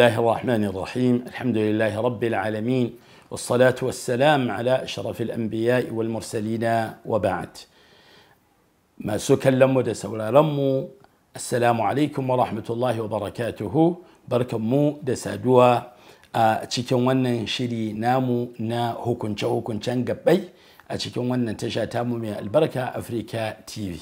الله الرحمن الرحيم الحمد لله رب العالمين والصلاة والسلام على أشرف الأنبياء والمرسلين وبعد ما سكن لم ولا لم السلام عليكم ورحمة الله وبركاته بركة مو دسادوا آه، أتشكن ونن شري نامو نا هكون شو هكون شنق بي أتشكن ونن تشا تامو من البركة أفريكا تيفي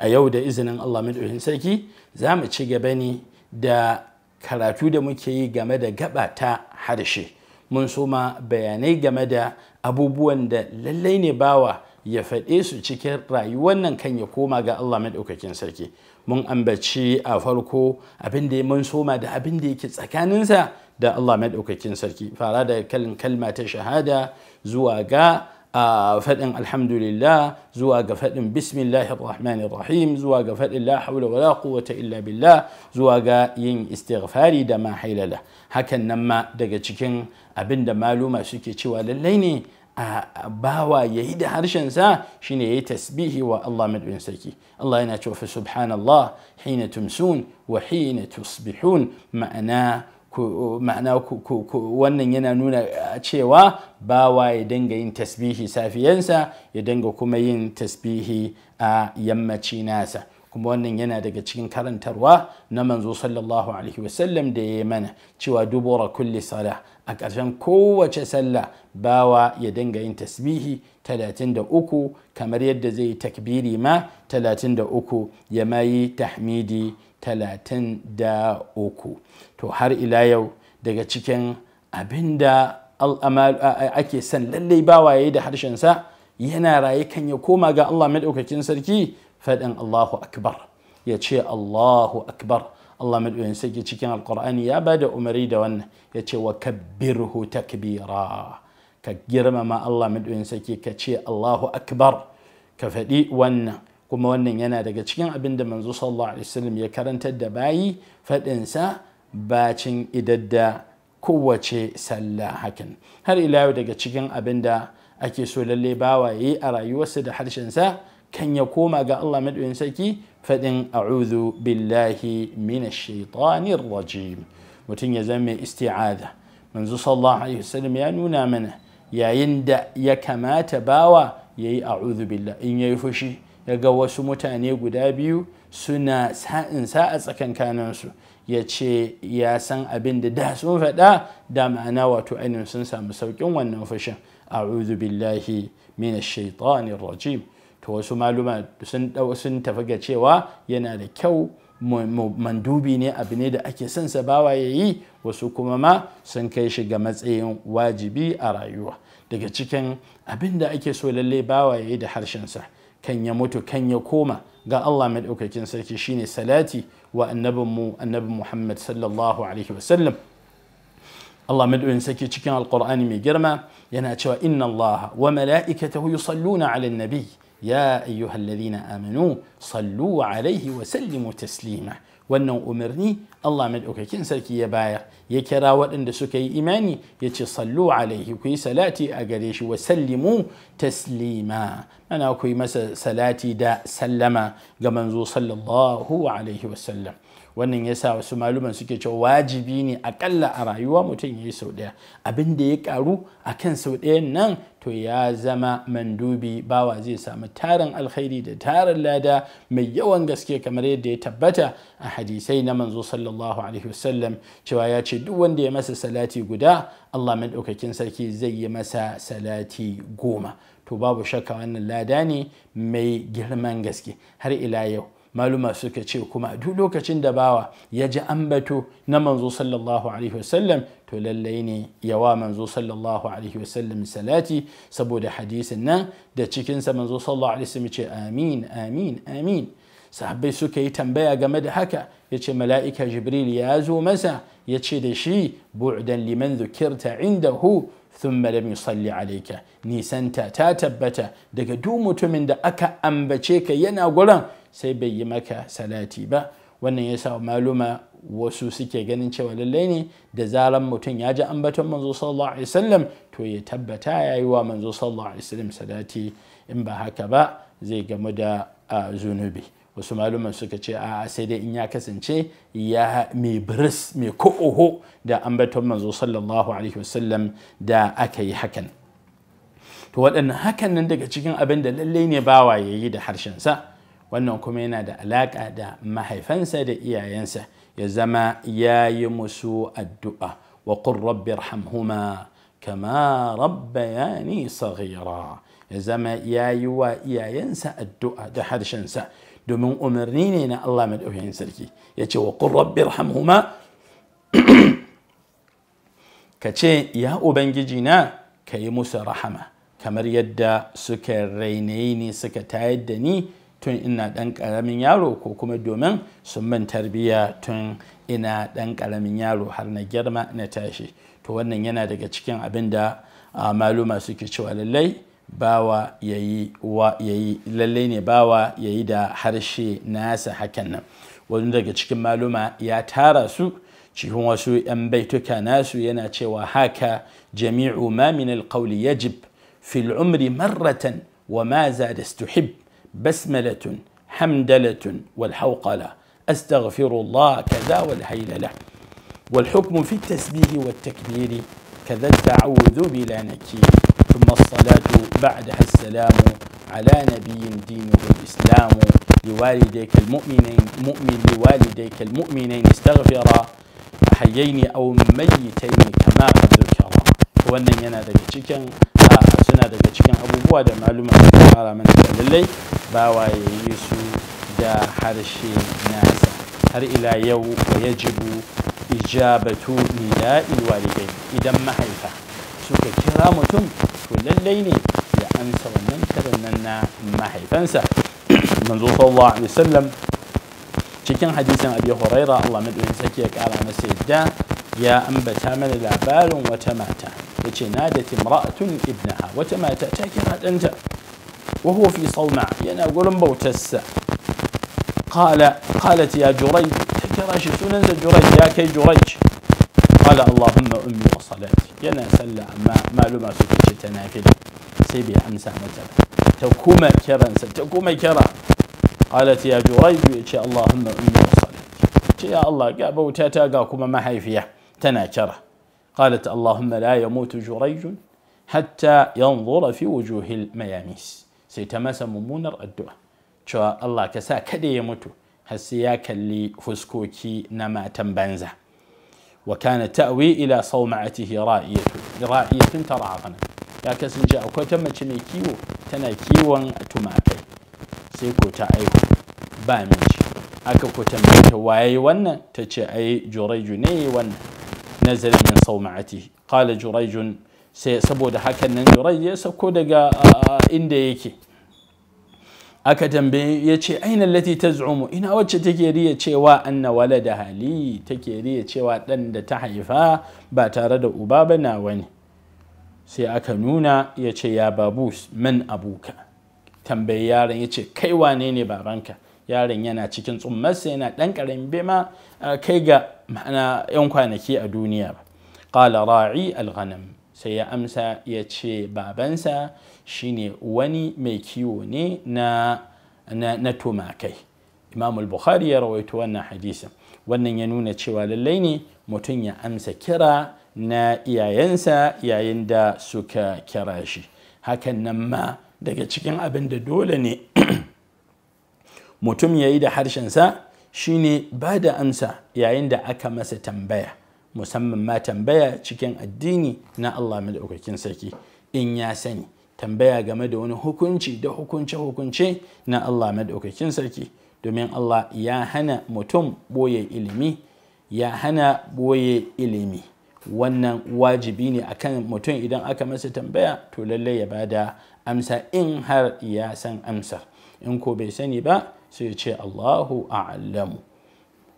أيو إذن الله من أهن سيكي زام تشيق بني da karatu da muke yi game da gaba ta harshe mun soma bayanai game da abubuwan da lallai ne bawa ya faɗe su cikin rayuwar nan kan ya koma ga Allah maɗaukakin sarki mun ambaci a farko abin da mun soma da abin da yake tsakaninsa da Allah maɗaukakin sarki fara da kalmata kalma ta shahada zuwa ga a faɗin alhamdulillah zuwa ga faɗin bismillahir rahmanir rahim zuwa ga faɗin la haula wala quwwata illa billah zuwa ga yin istighfari da ma hakan nan ma daga cikin abin da maluma suke cewa lallai ne a bawa yayi da harshen sa shine ya tasbihi wa Allah madubin saki Allah yana cewa fa subhanallah hina tumsun wa hina tusbihun ma'ana ma'ana wannan yana nuna cewa bawa ya dinga yin tasbihi safiyansa ya dinga kuma yin tasbihi a yammaci nasa kuma wannan yana daga cikin karantarwa na manzo sallallahu alaihi wasallam da ya mana cewa dubura kulli sala a ƙarshen kowace sallah bawa ya dinga yin tasbihi 33 kamar yadda zai yi takbiri ma 33 ya mayi tahmidi 33 to har ila yau daga cikin abinda ake son lallai bawa ya yi da harshensa yana raye kan ya koma ga Allah maɗaukakin sarki faɗin Allahu akbar ya ce Allahu akbar Allah maɗoyin sake cikin alkur'ani ya ba da umari da wannan ya ce wa kabbirhu takbira ka girmama Allah maɗoyin sake ka ce Allahu akbar ka faɗi wannan kuma wannan yana daga cikin abin da manzo sallallahu alaihi wasallam ya karantar da bayi faɗinsa bacin idadda kowace sallah hakan har ila daga cikin abin da ake so lalle bawa yi a rayuwarsa da harshensa kan ya koma ga Allah maɗaukin sarki faɗin a'udhu billahi minash shaitanir rajim mutum ya zama isti'aza manzo sallallahu alaihi wasallam ya nuna mana yayin da ya kamata bawa yayi a'udhu billah in yayi fushi ya ga wasu mutane guda biyu suna sa'in sa'a su ya ce ya san abin da da sun faɗa da ma'ana wato ainihin sun samu sauƙin wannan fushin a'udhu billahi minash shaitanir rajim to wasu maluma sun tafi ga cewa yana da kyau mandubi ne abu ne da ake son sa bawa ya yi wasu kuma ma sun kai shi ga matsayin wajibi a rayuwa daga cikin abin da ake so lalle bawa ya yi da harshensa kan ya mutu kan ya koma ga Allah maɗaukakin sarki shine salati wa annabinmu annabi Muhammad sallallahu alaihi wasallam Allah maɗaukakin sarki cikin alkur'ani mai girma yana cewa inna Allah wa mala'ikatahu yusalluna 'alan nabi يا أيها الذين آمنوا صلوا عليه وسلموا تسليما wannan umarni Allah madaukakin sarki ya bayar ya kira waɗanda suka yi imani ya ce sallu alaihi ku yi salati a gare shi wa sallimu taslima ana ku yi masa salati da sallama ga manzo sallallahu alaihi wasallam wannan ya sa wasu maluman suke cewa wajibi ne akalla a rayuwa mutum ya yi sau ɗaya abin da ya karu a kan sau ɗayan nan to ya zama mandubi bawa zai samu tarin alkhairi da tarin lada mai yawan gaske kamar yadda ya tabbata a hadisai na manzo sallallahu alaihi wasallam cewa ya ce duk wanda ya masa salati guda Allah maɗaukakin sarki zai yi masa salati goma to babu shakka wannan lada ne mai girman gaske har ila yau maluma suka ce kuma duk lokacin da bawa ya ji ambato na manzo sallallahu alaihi wasallam to lallai ne yawa manzo sallallahu alaihi wasallam salati saboda hadisin nan da cikin sa manzo sallallahu alaihi wasallam ce amin amin amin sahabbai suka yi tambaya game da haka yace mala'ika jibril ya zo masa yace da shi bu'dan liman dhukirta indahu ثم لم يصلي عليك نيسانتا تا تبتا daga duk mutumin da aka ambace ka yana gurin sai bai yi maka salati ba wannan ya sa maluma wasu suke ganin cewa lallai ne da zaran mutum ya ji ambaton manzo sallallahu alaihi wasallam to ya tabbata ya yi wa manzo sallallahu alaihi wasallam salati in ba haka ba zai gamu da zunubi wasu maluman suka ce a sai dai in ya kasance ya mai biris mai ko'oho da ambaton manzo sallallahu alaihi wasallam da aka yi hakan to waɗannan hakan nan daga cikin abin da lallai ne bawa ya yi da harshensa wannan kuma yana da alaka da mahaifansa da iyayensa ya zama yayi musu addu'a wa qur rabbirhamhuma kama rabbayani saghira ya zama yayi wa iyayensa addu'a da harshensa domin umarni ne na Allah madaukakin sarki yace wa qur rabbirhamhuma kace ya ubangiji na ka musu rahama kamar yadda suka rainayi ni suka tayar da ni tun ina ɗan ƙaramin yaro ko kuma domin sun man tarbiyya tun ina ɗan ƙaramin yaro har na girma na tashi to wannan yana daga cikin abin da maluma suke cewa lallai bawa yayi wa lallai ne bawa yayi da harshe nasa hakan nan wani daga cikin maluma ya tara su cikin wasu 'yan baituka nasu yana cewa haka jami'u ma min alqawli yajib fil umri marratan wa ma da istuhib بسملة حمدلة والحوقلة أستغفر الله كذا والهيللة والحكم في التسبيح والتكبير كذا التعوذ بلا نكير ثم الصلاة بعدها السلام على نبي دينه الإسلام لوالديك المؤمنين مؤمن لوالديك المؤمنين استغفرا حيين أو ميتين كما قد ذكر هو أن ينادك تشيكا آه، سنادك تشيكا أبو بوادة معلومة maluma da kara باوي يسو دا حرشي نازا صلى الله عليه وسلم شكين حديث أبي هريرة الله من أن سكيك على مسجد يا أنبى تامل العبال وتماتا يتي نادت امرأة ابنها وتماتا وهو في صومعة ينقل بوتسع قال قالت يا جريج تكراش سنن جريج يا كي جريج قال اللهم أمي وصلاتي ينا سلع ما ما لما سكتش تنافل سيبي أمسى مثلا تكوما كرا تكوما كرا قالت يا جريج يا اللهم أمي وصلاتي يا الله قابو تاتا قاكوما ما حيفيا تنا كرا قالت اللهم لا يموت جريج حتى ينظر في وجوه المياميس sai ta masa mummunar addu'a cewa Allah ka sa kada ya mutu har sai ya kalli fuskoki na matan banza wa kana ta'wi ila sawma'atihi ra'iyatu ra'iyatun tara'afana ya kasance akwai ta mace mai kiwo tana kiwon tumakai sai ko ta aiko ba miji aka ko tambaye ta waye wannan ta ce ai juraiju ne wannan nazar min sawma'atihi qala juraijun sai saboda hakan nan jurai ya sauko daga inda yake aka tambaye ya ce aina lati taz'umu ina wacce take riya cewa anna da hali take riya cewa dan da ta haifa ba tare da uba ba na wani sai aka nuna ya ce ya babus man abuka tambayi yaron ya ce kai wane ne babanka yaron yana cikin tsummarsa yana ɗan ƙaramin bema kai ga ma'ana 'yan kwanaki a duniya ba qala ra'i al sai ya amsa ya ce babansa shine wani mai kiwo ne na na tumakai imam al-bukhari ya rawaito wannan hadisin wannan ya nuna cewa lallai ne mutum ya amsa kira na iyayensa yayin da suka kira shi hakan nan ma daga cikin abin da dole ne mutum ya yi da harshensa shine ba da amsa yayin da aka masa tambaya musamman ma tambaya cikin addini na Allah madaukakin sarki in ya sani tambaya game da wani hukunci da hukunce-hukunce na Allah madaukakin sarki domin Allah ya hana mutum boye ilimi ya hana boye ilimi wannan wajibi ne a kan mutum idan aka masa tambaya to lallai ya bada amsa in har ya san amsa. in ko bai sani ba sai ce Allahu a'lamu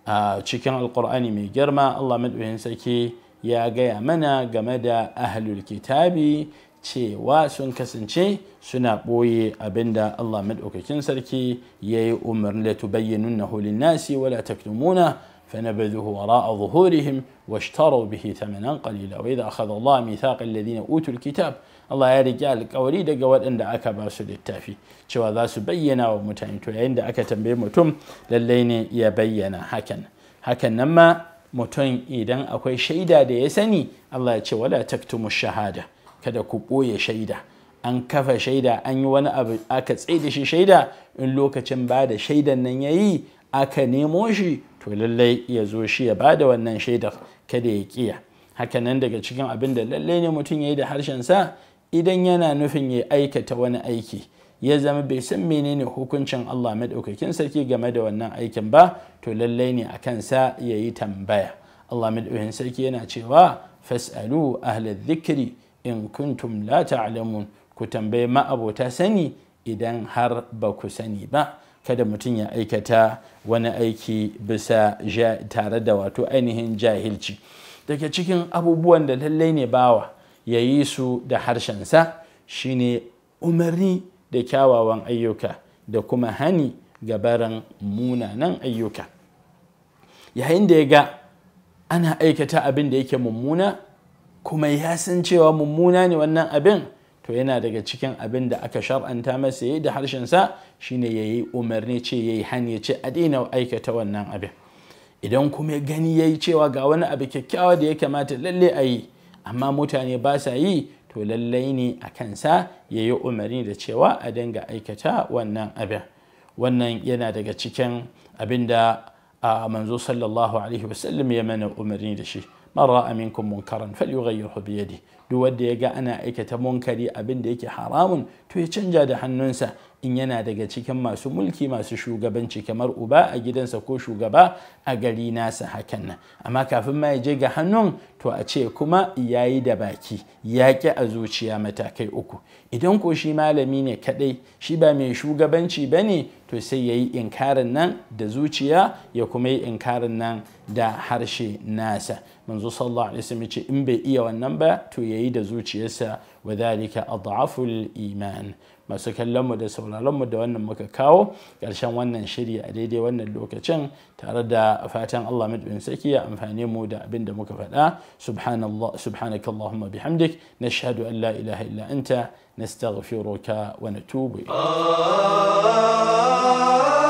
a cikin alkur'ani mai girma allah maɗaukin sarki ya gaya mana game da ahlul kitabi cewa sun kasance suna ɓoye abinda allah maɗaukakin sarki ya yi umarni da tubayyanun na nasi wala taktumuna Fana فنبذوه وراء ظهورهم واشتروا به ثمنا قليلا وإذا أخذ الله ميثاق الذين أوتوا الكتاب Allah ya riki alƙawari daga waɗanda aka ba su littafi cewa za su bayyana wa mutane to yayin da aka tambayi mutum lallai ne ya bayyana hakan hakan nan ma mutum idan akwai shaida da ya sani Allah ya ce wala taktumu shahada kada ku ɓoye shaida an kafa shaida an yi wani abu aka tsaye da shi shaida in lokacin ba da shaidan nan ya yi aka nemo shi to lallai ya zo shi ya bada wannan shaidar kada ya kiya hakanan daga cikin abin da lallai ne mutum ya yi da sa, idan yana nufin ya aikata wani aiki ya zama bai san menene hukuncin Allah madaukakin sarki game da wannan aikin ba to lallai ne a kansa ya yi tambaya Allah madaukakin sarki yana cewa fas'alu ahlal dhikri in kuntum la ta'lamun ku tambaye ma'abota sani idan har ba ku sani ba kada mutum ya aikata wani aiki bisa tare da wato ainihin jahilci daga cikin abubuwan da lallai ne bawa ya yi su da harshensa shine umarni da kyawawan ayyuka da kuma hani gabaran munanan ayyuka yayin da ya ga ana aikata abin da yake mummuna kuma ya san cewa mummuna ne wannan abin to yana daga cikin abin da aka shar'anta masa yayi da harshensa shine yi umarni ce ya yi hanya ce a daina aikata wannan abin idan kuma gani ya yi cewa ga wani abu kyakkyawa da ya kamata lalle a yi amma mutane ba sa yi to lallai ne a kansa ya yi umarni da cewa a dinga aikata wannan abin wannan yana daga cikin abin da a manzo sallallahu alaihi wasallam ya mana umarni da shi من راى منكم منكرا فليغيره بيده دو انا ايكت منكري ابن حرام تو حنونسا in yana daga cikin masu mulki masu shugabanci kamar uba a gidansa ko shugaba a gari nasa hakan nan amma kafin ma ya je ga hannun to a ce kuma ya yi da baki ya ƙi a zuciya matakai uku idan ko shi malami ne kaɗai shi ba mai shugabanci ba ne to sai ya yi inkarin nan da zuciya ya kuma yi inkarin nan da harshe nasa manzo sallallahu alaihi wasallam ce in bai iya wannan ba to yayi da zuciyarsa wa zalika adhaful iman masu kallon mu da sauraron mu da wannan muka kawo ƙarshen wannan shiri a daidai wannan lokacin tare da fatan Allah madubin saki ya amfane mu da abin da muka faɗa subhanallah allahumma bihamdik nashhadu an la ilaha illa anta nastaghfiruka wa natubu ilayk